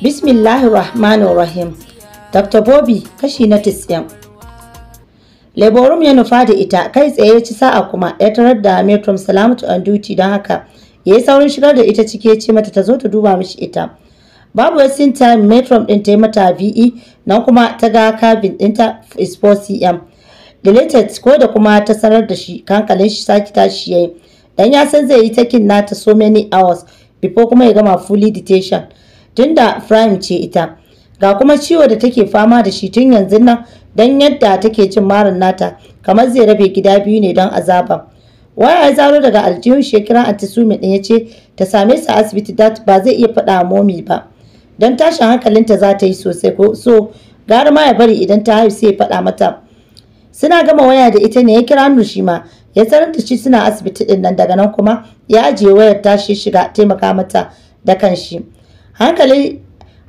Bismillahirrahmanirrahim. Dr. Bobby kashi na 90. Leborum ya nufa da ita kai tsaye ya ci sa'a kuma ya tarar da Metrom Salamatu on duty don haka ya yi saurin shigar da ita cike ce mata ta zo ta duba mishi ita. Babu wasin time Metrom din ta yi mata VE na kuma ta ga cabin ɗinta is 4cm. Deleted ko da kuma ta sanar da shi kankalin shi saki tashi yayi. Dan ya san zai yi takin nata so many hours before kuma ya gama fully detention. tunda Prime ce ita ga kuma ciwo da take fama da shi tun yanzu nan don yadda take cin marin nata kamar zai rabe gida biyu ne don azaba waya ya zaro daga aljihun shekara antisumi ɗin ya ce ta same su asibiti dat ba zai iya faɗa momi ba don tashin hankalinta za ta yi sosai ko so gara ma ya bari idan ta haihu sai ya faɗa mata suna gama waya da ita ne ya kira nu shi ma ya sanar da shi suna asibiti din nan daga nan kuma ya ajiye wayar tashi shiga taimaka mata da kanshi hankali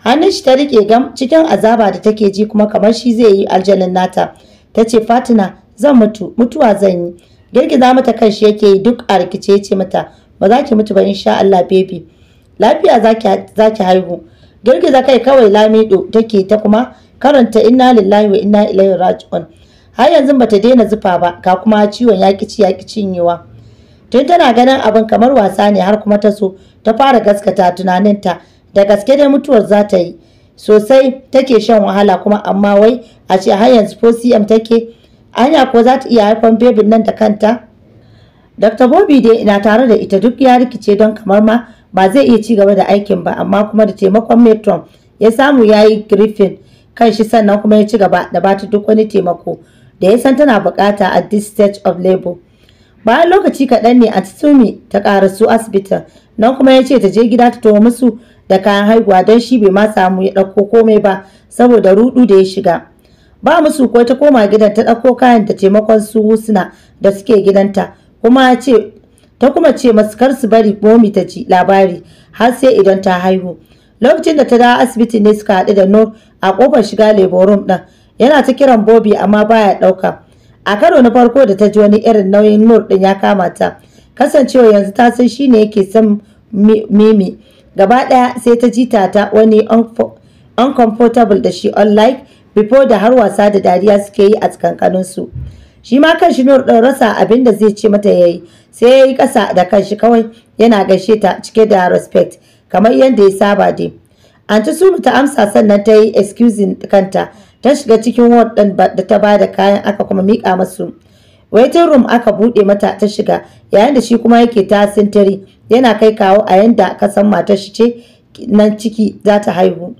hannun shi ta rike gam cikin azaba da take ji kuma kamar shi zai yi aljanin nata ta ce fatina zan mutu mutuwa zan yi girgiza mata kan shi yake duk a rikice ce mata ba za ki mutu ba in sha Allah bebi. lafiya za ki haihu girgiza kai kawai lamido take ta kuma karanta inna lillahi wa inna ilaihi raji'un har yanzu bata daina zufa ba ga kuma ciwon yaki ci cinyewa tun tana ganin abin kamar wasa ne har kuma ta so ta fara gaskata tunaninta da gaske dai mutuwar za ta yi sosai take shan wahala kuma amma wai a ce har yanzu ko cm take anya ko za ta iya haifan bebin nan da kanta dr bobi dai na tare da ita duk ya rikice don kamar ma ba zai iya ci gaba da aikin ba amma kuma da taimakon metron ya samu ya yi griffin kan shi sannan kuma ya ci gaba da ta duk wani taimako da ya san tana bukata a this stage of labor bayan lokaci kaɗan ne a tsumi ta ƙarasu asibitin nan kuma ya ce ta je gida ta tuwa musu da kayan haihuwa don shi bai ma samu ya ɗauko komai ba saboda rudu da ya shiga. Ba musu ko ta koma gidan ta ɗauko kayan da taimakon su husna da suke gidanta kuma ce ta kuma ce masu kar su bari momi ta ji labari har sai idan ta haihu. Lokacin da ta dawo asibiti ne suka haɗu da Nur a kofar shiga leborum ɗin yana ta kiran Bobi amma baya ɗauka. A karo na farko da ta ji wani irin nauyin Nur ɗin ya kama ta kasancewa yanzu ta san shi ne yake son Mimi. gaba ɗaya sai ta ji Tata wani uncomfortable da shi unlike before da har wasa da dariya suke yi a su shi ma kan shi nur rasa abin da zai ce mata yayi sai yayi yi ƙasa da kanshi kawai yana gaishe ta cike da respect kamar yadda ya saba dai anti sulu ta amsa sannan ta yi excusing kanta ta shiga cikin ward din da ta bada kayan aka kuma mika masu waiting room aka buɗe mata ta shiga yayin da shi kuma yake ta sintiri yana kai kawo a yanda kasan san matar shi ce nan ciki za ta haihu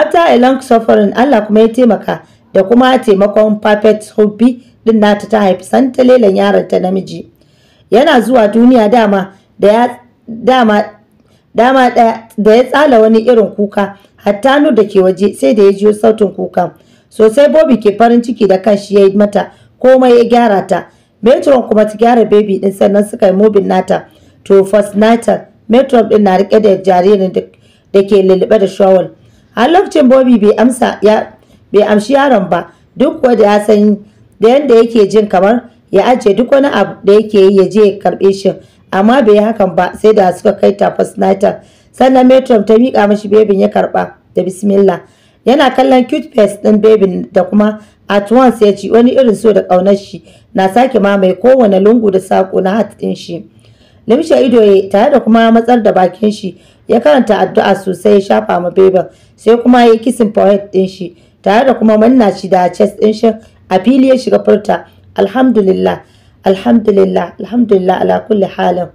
after a long suffering Allah kuma ya taimaka da kuma taimakon perfect hobby din nata ta haifi santa lelan yaron ta namiji yana zuwa duniya dama da ya dama dama da ya tsala wani irin kuka hatta nu da ke waje sai da ya jiyo sautin kuka sosai bobi ke farin ciki da kanshi ya yi mata komai ya gyara ta metron kuma ta gyara baby din sannan suka yi mobin nata to nighter metro din na rike da jaririn da ke lulluɓe da shawal a lokacin bobi bai amsa ya bai amshi yaron ba duk kuwa da ya san da yanda yake jin kamar ya ajiye duk wani abu da yake yi ya je ya karɓe shi amma bai yi hakan ba sai da suka kai ta nighter sannan metro ta miƙa mashi bebin ya karɓa da bismillah yana kallon cute face ɗin bebin da kuma at once ya ci wani irin so da ƙaunar shi na sake mamaye kowane lungu da saƙo na hat ɗin shi. limshe ido ya tare da kuma matsar da bakin shi ya karanta addu'a sosai ya shafa ma bebel sai kuma ya yi kisin forehead din shi tare da kuma manna shi da chest din shi a fili ya shiga furta alhamdulillah alhamdulillah alhamdulillah ala kulli halin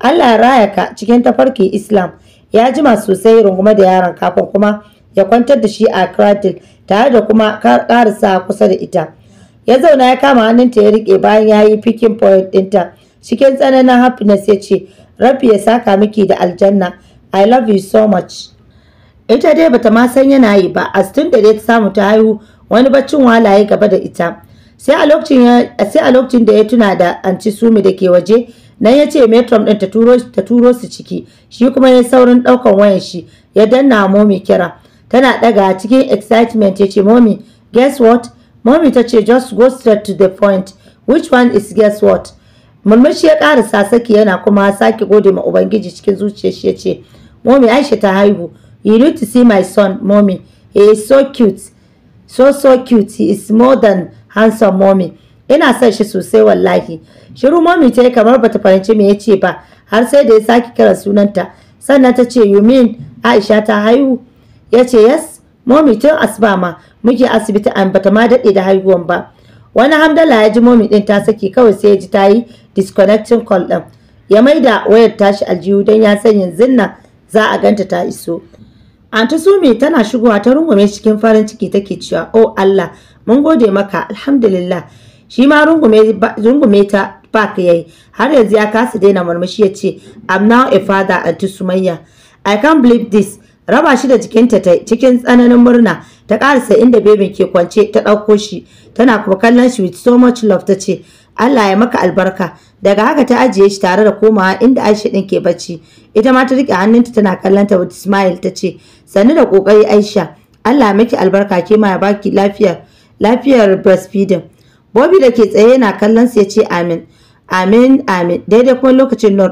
Allah raya ka cikin tafarki Islam ya jima sosai rungume da yaron kafin kuma ya kwantar da shi a cradle tare da kuma sa kusa da ita ya zauna ya kama hannunta ya rike bayan ya yi picking point ɗinta cikin tsananin happiness ya ce Rabi ya saka miki da aljanna i love you so much ita dai bata ma san yana yi ba a tun da dai ta samu ta haihu wani baccin walaye gaba da ita sai a lokacin da ya tuna da anci sumi da ke waje nan ya ce metron ɗin ta turo ta su ciki shi kuma ya saurin ɗaukan wayan shi ya danna momi kira tana ɗaga cikin excitement ya ce momi guess what momi ta ce just go straight to the point which one is guess what murmushi ya karasa saki yana kuma sake gode ma ubangiji cikin zuciyar shi yace mommy Aisha ta haihu you need to see my son mommy he is so cute so so cute he is more than handsome mommy ina son shi sosai wallahi shiru mommy ta yi kamar bata fahimci me yace ba har sai da ya sake kira sunanta sannan ta ce you mean Aisha ta haihu yace yes mommy tun asuba ma muke asibiti an bata ma dade da haihuwan ba wani hamdala ya ji momi din ta saki kawai sai ya ji ta yi disconnecting call din ya maida wayar tashi aljihu don ya san yanzu nan za a ganta ta iso anti sumi tana shigowa ta rungume cikin farin ciki take cewa oh allah mun gode maka alhamdulillah shi ma rungume ta park yayi har yanzu ya kasa daina murmushi ya ce i'm now a father anti sumayya i can't believe this raba shi da jikinta cikin tsananin murna ta karasa inda bebin ke kwance ta ɗauko shi tana kuma kallon shi with so much love ta ce Allah ya maka albarka daga haka ta ajiye shi tare da komawa inda Aisha din ke bacci ita ma ta rike hannunta tana kallon ta with smile ta ce sannu da kokari Aisha Allah ya miki albarka ke ma ya baki lafiya lafiyar breastfeeding Bobby da ke tsaye yana kallon sa ya ce amin amin amin daidai kuma lokacin Nur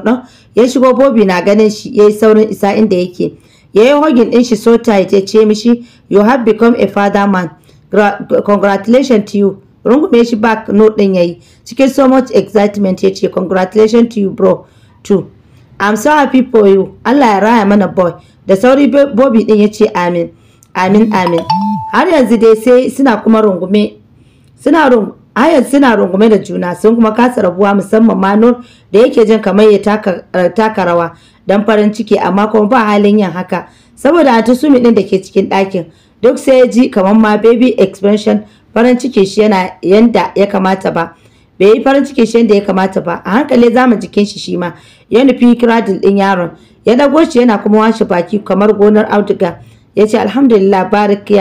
ya shigo Bobby na ganin shi yayi saurin isa inda yake ya yi hogin ɗin shi so tight ya ce mishi you have become a father man congratulations to you rungume shi back no ɗin yayi yi cikin so much excitement ya ce congratulations to you bro too I'm so happy for you Allah ya raya mana boy da sauri bobi din ya ce amin amin amin har yanzu dai sai suna kuma rungume suna Ayan suna rungume da juna sun kuma kasa rabuwa musamman ma Nur da yake jin kamar ya taka eh, rawa dan farin ciki amma kuma ba halin yin haka saboda a tusumi din da ke cikin ɗakin duk sai ya ji kamar ma baby expansion farin ciki shi yana yanda ya kamata ba bai yi farin ciki shi yanda ya kamata ba a hankali zama jikin shi shi ma ya nufi kiradin din yaron ya dago shi yana kuma washe baki kamar gonar auduga ya ce alhamdulillah barik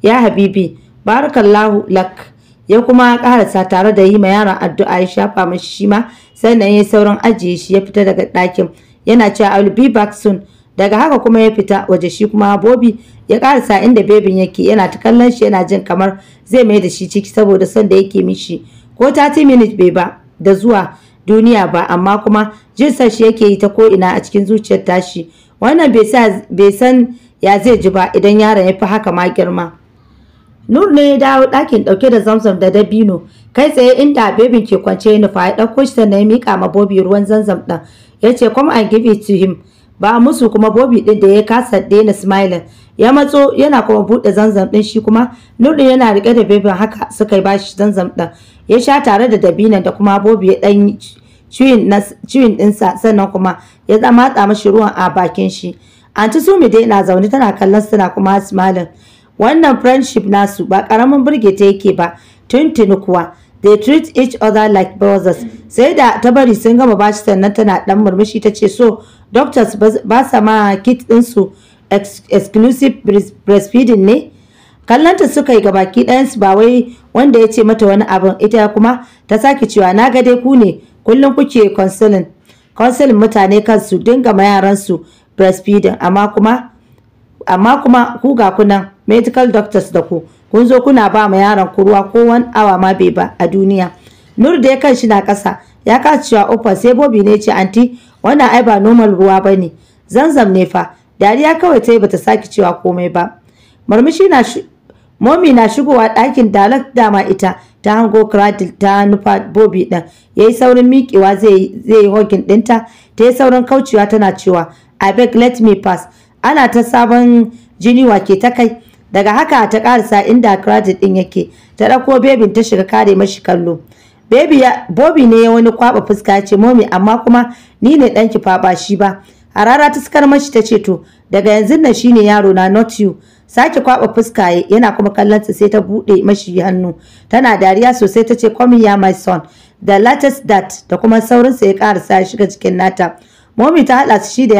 ya habibi barakallahu lak ya kuma karasa tare da yi ma yaron addu'a ya shafa mashi shi ma sannan ya yi sauran ajiye shi ya fita daga ɗakin yana cewa I will be back soon daga haka kuma ya fita waje shi kuma Bobby ya karasa inda bebin yake yana ta kallon shi yana jin kamar zai mai da shi ciki saboda son da yake mishi ko 30 minutes bai ba da zuwa duniya ba amma kuma jinsa shi yake yi ta ko ina a cikin zuciyar tashi wannan bai san ya zai ji ba idan yaron ya fi haka ma girma Nur ne ya dawo ɗakin ɗauke da zamzam da dabino kai tsaye inda bebin ke kwance ya nufa ya ɗauko shi sannan ya mika ma bobi ruwan zamzam ɗin ya ce come and give it to him ba musu kuma bobi ɗin da ya kasa daina smiling ya matso yana kuma buɗe zanzam ɗin shi kuma nur ɗin yana rike da bebin haka suka ba shi zanzam ɗin ya sha tare da dabino da kuma bobi ya ɗan ciwin ɗinsa sannan kuma ya matsa mashi ruwan a bakin shi anti sumi dai na zaune tana kallon suna kuma smiling wannan friendship nasu ba ƙaramin burge ta yake ba tuntuni kuwa they treat each other like brothers sai da ta bari sun gama bashi sannan tana ɗan murmushi ta ce so doctors ba sa ma kit ɗinsu exclusive breastfeeding ne kallanta suka yi ga baki ɗayansu ba wai wanda ya ce mata wani abin ita kuma ta sake cewa na ga dai ku ne kullum kuke counseling counseling mutane kansu dinga ma yaransu breastfeeding amma kuma amma kuma ku ga kunan medical doctors da ku kun zo kuna ba ma yaron ku ruwa ko wani awa ma bai ba a duniya nur da ya kan shi na ƙasa ya cewa uffa sai bobi ne ce anti wannan ai ba normal ruwa ba ne zanzam ne fa dariya kawai ta yi bata saki cewa komai ba murmushi na momi na shigowa ɗakin dalak dama ita ta hango kradil ta nufa bobi ɗin ya yi saurin miƙewa zai yi hokin ɗinta ta yi saurin kaucewa tana cewa abeg let me pass ana ta sabon jini wake ta kai daga haka ta karsa inda credit din yake ta ɗauko bebin ta shiga kare mashi kallo bobi ne ya wani kwaba fuska ya ce 'Mommy', amma kuma ni ne danki faba shi ba harara ta sakar mashi ta ce to daga yanzu nan shine yaro na not you sake kwaba fuska yana kuma kallon sai ta buɗe mashi hannu tana dariya sosai ta ce come here my son the latest that da kuma saurinsa ya karsa ya shiga cikin nata Mommy ta haɗa shi da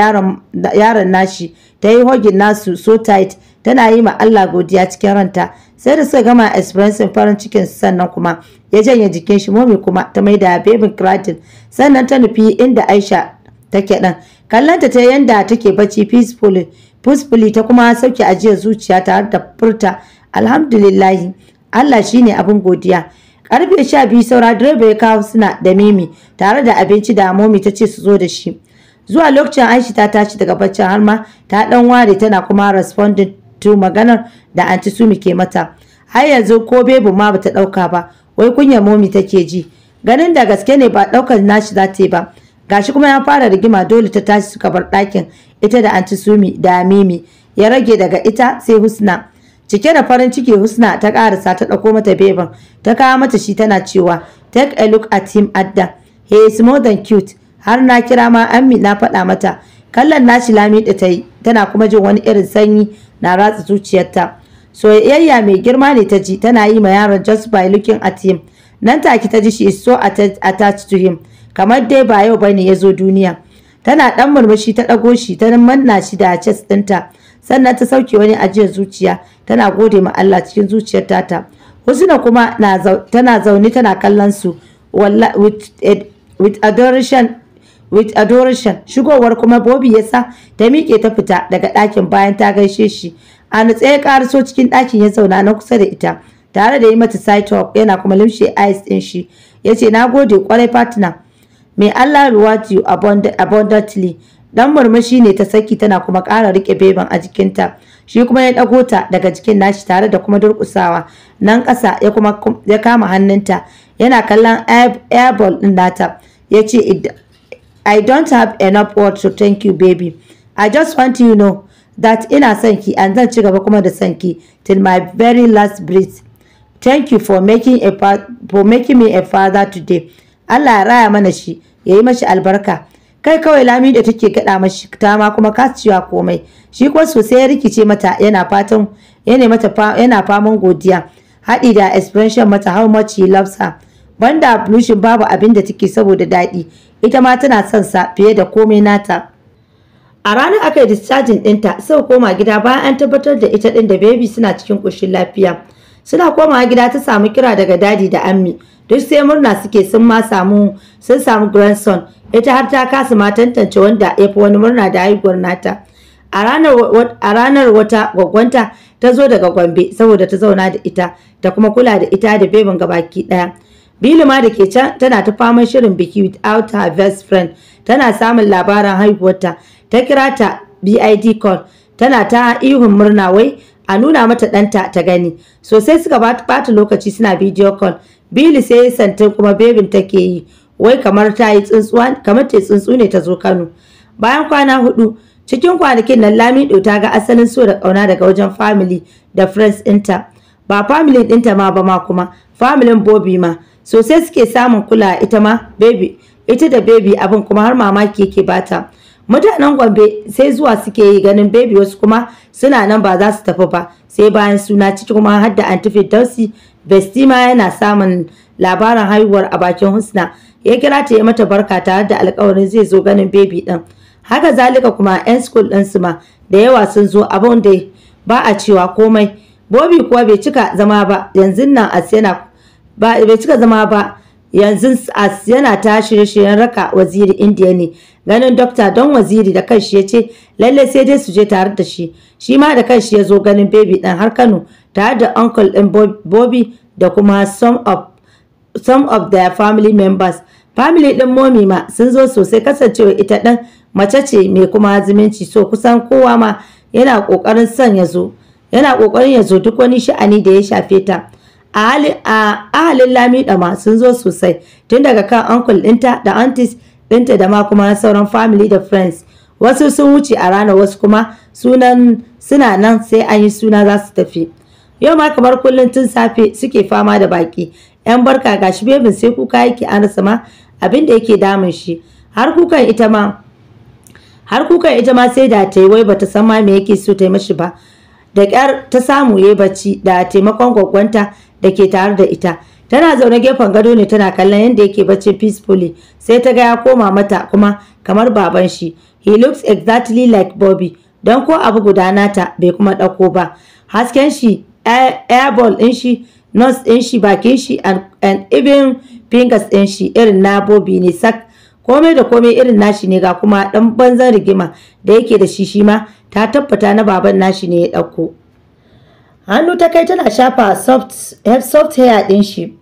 yaron nashi ta yi hogin nasu so tight tana yi ma Allah godiya cikin ranta sai da suka gama experiencing farin cikin sannan kuma ya janye jikin shi momi kuma ta maida bebin kratin sannan ta nufi inda Aisha take dan kallanta ta yanda take bacci peacefully peacefully ta kuma sauke ajiyar zuciya tare da furta alhamdulillahi Allah shine abin godiya karfe sha biyu saura direba ya kawo suna da mimi tare da abinci da momi ta ce su zo da shi zuwa lokacin aisha ta tashi daga baccin har ma ta dan ware tana kuma responding to maganar da anti sumi ke mata har yanzu ko bebu ma bata dauka ba wai kunya momi take ji ganin da gaske ne ba daukar nashi za ta ba gashi kuma ya fara rigima dole ta tashi suka bar ɗakin ita da anti sumi da mimi ya rage daga ita sai husna cike da farin ciki husna ta karasa ta ɗauko mata beban ta kawo mata shi tana cewa take a look at him adda he is more than cute har na kira ma ammi na faɗa mata kallon nashi lami da ta yi tana kuma jin wani irin sanyi na ratsa zuciyarta soyayya mai girma ne ta ji tana yi ma yaron just by looking at him nan take ta ji shi is so attached to him kamar dai ba yau bane ya zo duniya tana dan murmushi ta dago shi ta manna shi da chest dinta sannan ta sauke wani ajiyar zuciya tana gode ma Allah cikin zuciyarta ta. Husna kuma na tana zaune tana kallon su with, eh, with adoration with adoration shigowar kuma bobi ya sa ta miƙe ta fita daga ɗakin bayan ta gaishe shi a nutse ya so cikin ɗakin ya zauna na kusa da ita tare da yi mata side yana kuma limshe eyes ɗin shi yace ce na gode kwarai partner may Allah reward you abundantly dan murmushi ne ta saki tana kuma ƙara rike beban a jikinta shi kuma ya dago ta daga jikin nashi tare da kuma durkusawa nan ƙasa ya kuma ya kama hannunta yana kallon airball ɗin nata yace ce I don't have enough words to thank you baby. I just want you to know that ina son ki and zan ci gaba kuma da son till my very last breath. Thank you for making a for making me a father today. Allah ya raya mana shi, ya yi mashi albarka. Kai kawai lami da take gaɗa mashi ta ma kuma ka cewa komai. Shi kuwa sosai ya rikice mata yana fatan yana mata yana faman godiya. Hadi da expression mata how much he loves her. Banda ablushin babu abin da take saboda dadi. ita ma tana son sa fiye da komai nata a ranar aka yi discharging ɗinta sai koma gida bayan an tabbatar da ita din da baby suna cikin ƙoshin lafiya suna komawa gida ta samu kira daga dadi da ammi duk sai murna suke sun ma samu sun samu grandson ita har ta kasa ma tantance wanda ya fi wani murna da haihuwar nata a ranar wata gwaggwanta ta zo daga gombe saboda ta zauna da ita ta kuma kula da ita da bebin gabaki ɗaya ma da ke can tana ta faman shirin biki without her best friend tana samun labaran haihuwarta ta kira ta BID call tana ta ihun murna wai a nuna mata ɗanta ta gani sosai suka bata lokaci suna video call Billy sai ya santin kuma bebin take yi wai kamar ta yi tsuntsuwa kamar ta tsuntsu ne ta zo Kano bayan kwana hudu cikin kwanakin nan Lamido ta ga asalin so da kauna daga wajen family da friends ɗinta ba family ɗinta ma ba ma kuma familin bobi ma sosai suke samun kula ita ma baby ita da baby abin kuma har mamaki yake bata mutanen gombe sai zuwa suke yi ganin baby wasu kuma suna nan ba za su tafi ba sai bayan suna ciki kuma har da anti firdausi bestima yana samun labarin haihuwar a bakin husna ya kira ta ya mata barka tare da alkawarin zai zo ganin baby din haka zalika kuma yan school din su ma da yawa sun zo abin da ba a cewa komai bobi kuwa bai cika zama ba yanzu nan as yana ba bai cika zama ba yanzu yana ta shirye-shiryen raka waziri indiya ne ganin dokta don waziri da kanshi ya ce lallai sai dai su je tare da shi shi ma da kanshi ya zo ganin baby ɗin har kano tare da uncle din bobby da kuma some of some of their family members family din momi ma sun zo sosai kasancewa ita ɗan mace ce mai kuma zumunci so kusan kowa ma yana kokarin son ya yana kokarin ya zo duk wani sha'ani da ya shafe ta a ahalin lamida ma sun zo sosai tun daga kan uncle dinta da aunties dinta da ma kuma sauran family da friends wasu sun wuce a ranar wasu kuma sunan suna nan sai an yi suna za su tafi yau ma kamar kullum tun safe suke fama da baki yan barka gashi bebin sai kuka yake an rasa ma abin da yake damun shi har kukan ita ma har kukan ita ma sai da ta yi wai bata san ma me yake so ta yi mashi ba da ƙyar ta samu yayi bacci da taimakon gwaggwanta da ke tare da ita tana zaune gefen gado ne tana kallon yadda yake bacci peacefully sai ta ga ya koma mata kuma kamar baban shi he looks exactly like Bobby don ko abu guda nata bai kuma ɗauko ba hasken shi airball din shi nose din shi bakin shi and even fingers din shi irin na Bobby ne sak komai da komai irin nashi ne ga kuma dan banzan rigima da yake da shi shi ma ta tabbata na baban nashi ne ya ɗauko. hannu ta kai tana shafa eh, soft hair ɗin shi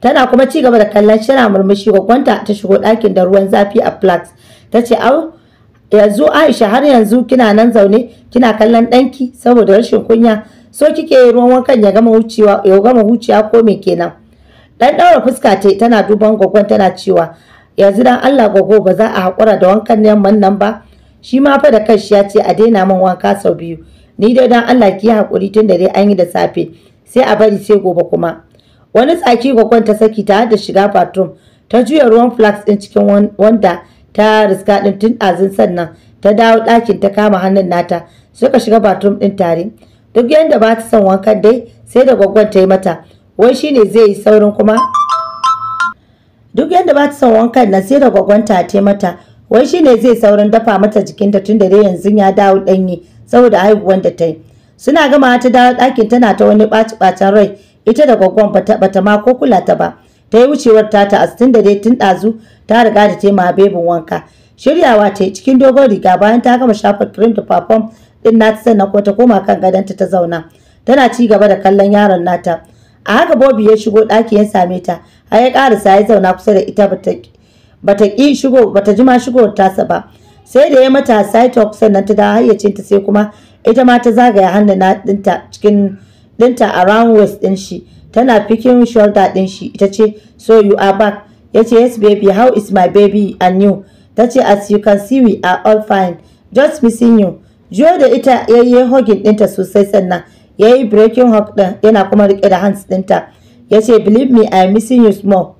tana kuma ci gaba da kallon shi yana murmushi gwaggon ta shigo ɗakin da ruwan zafi a flat ta ce au yanzu Aisha har yanzu kina nan zaune kina kallon ɗanki saboda rashin kunya so kike ruwan wankan ya gama hucewa ya gama huciya ko me kenan dan daura fuska ta tana duban gogon tana cewa yanzu dan Allah gogo ba za a hakura da wankan nan nan ba shi ma fa da kanshi ya ce a daina min wanka sau biyu ni dai dan Allah ki hakuri tun da dai an yi da safe sai a bari sai gobe kuma wani tsaki gwaggon ta saki ta da shiga bathroom ta juya ruwan flux din cikin wanda ta riska din tun azin sannan ta dawo ɗakin ta kama hannun nata suka shiga bathroom din tare duk yanda ba ta son wanka dai sai da gwaggon ta yi mata wai shine zai yi saurin kuma duk yanda ba ta son wanka nan sai da gwaggon ta ta mata wai shine zai saurin dafa mata jikinta tun dai yanzu ya dawo danyi saboda haihuwan da ta yi suna gama ta dawo ɗakin tana ta wani ɓaci-ɓacen rai ita da gwaggon bata ma ko kula ta ba ta yi wucewar tata a astin da dai tun ɗazu ta riga da taima bebin wanka shiryawa ta cikin dogon riga bayan ta gama shafa cream da perform din nata sannan ko ta koma kan gadonta ta zauna tana ci gaba da kallon yaron nata a haka bobi ya shigo ɗaki ya same ta har ya ƙarasa ya zauna kusa da ita bata ƙi shigo bata jima shigowar tasa ba sai da ya mata side sannan ta da hayyacinta sai kuma ita ma ta zagaya hannu na dinta cikin dinta around waist din shi tana picking shoulder din shi ita ce so you are back ya ce yes baby how is my baby and you ta ce as you can see we are all fine just missing you jiyo da ita ya yi hugging dinta sosai sannan ya yi breaking hug din yana kuma rike da hands dinta ya ce believe me i am missing you small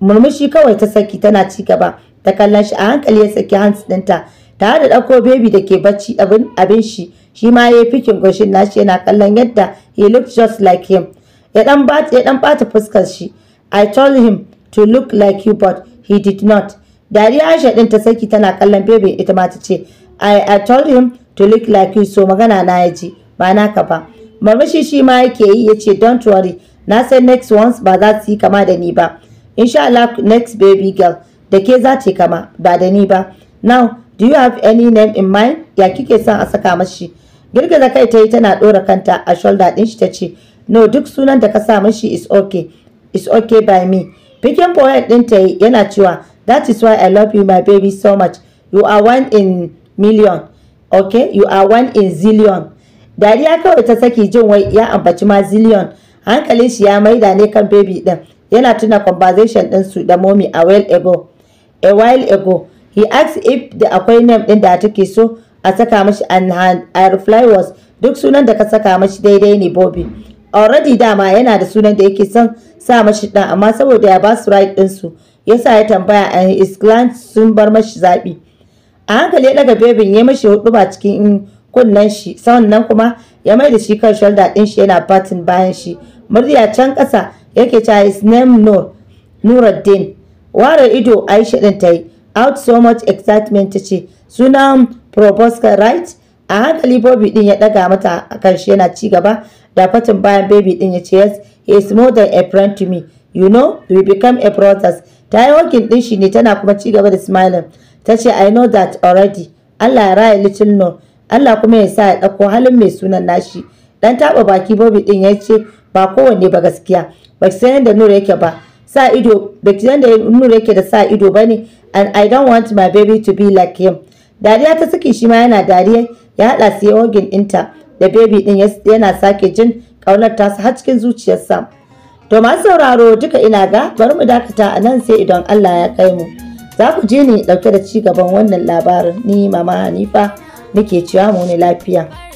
murmushi kawai ta saki tana ci gaba ta kalla shi a hankali ya saki hands ɗinta tare da ɗauko baby da ke bacci abin shi shi ma ya yi fikin goshin nashi yana kallon yadda he looked just like him ya dan bata fuskar shi I told him to look like you but he did not dariya Aisha din ta saki tana kallon baby ita ma ta ce I, I told him to look like you so magana na ya ba na naka ba murmushi shi ma yake yi ya ce don't worry na say next once ba za su yi kama da ni ba insha Allah next baby girl da ke za ce kama ba da ni ba now do you have any name in mind ya kike son a saka mashi girgiza kai ta yi tana ɗora kanta a shoulder ɗin shi ta ce no duk sunan da ka sa mashi is okay is okay by me Bikin poet ɗin ta yi yana cewa that is why I love you my baby so much you are one in million okay you are one in zillion dariya kawai ta saki jin wai ya ambaci ma zillion hankalin shi ya maida ne kan baby ɗin yana tuna conversation su da momi a well ago a while ago he asked if da akwai name din da take so a saka mashi and I reply was duk sunan da ka saka mashi daidai ne Bobby already dama yana da sunan da yake son sa mashi dan amma saboda ya ba su right din su yasa ya tambaya and his sun bar mashi zabi a hankali ya daga bebin ya mashi hudu ba cikin kunnen shi sannan kuma ya mai da shi kan shoulder din shi yana batin bayan shi murya can kasa yake cha his name no Nuruddin ware ido aisha din ta yi out so much excitement ta ce sunan proboscar right a hankali Bobby din ya daga mata a kanshi yana ci gaba da fatin bayan baby din ya ce yes he is more than a friend to me you know we become a brothers ta yi wakin din shi ne tana kuma ci gaba da smiling ta ce i know that already Allah ya raya little no Allah kuma ya sa ya ɗauko halin mai sunan nashi dan taba baki Bobby din ya ce ba kowanne ba gaskiya ba san yadda Nura yake ba sa ido da yanda nuna yake da sa ido bane and I don't want my baby to be like him dariya ta saki shi ma yana dariya ya hada su yogin dinta da baby din yana sake jin kaunar ta har cikin zuciyarsa to masu sauraro duka ina ga bari mu dakata a nan sai idan Allah ya kai mu za ku je ni dauke da ci gaban wannan labarin ni mama Hanifa nake cewa mu ne lafiya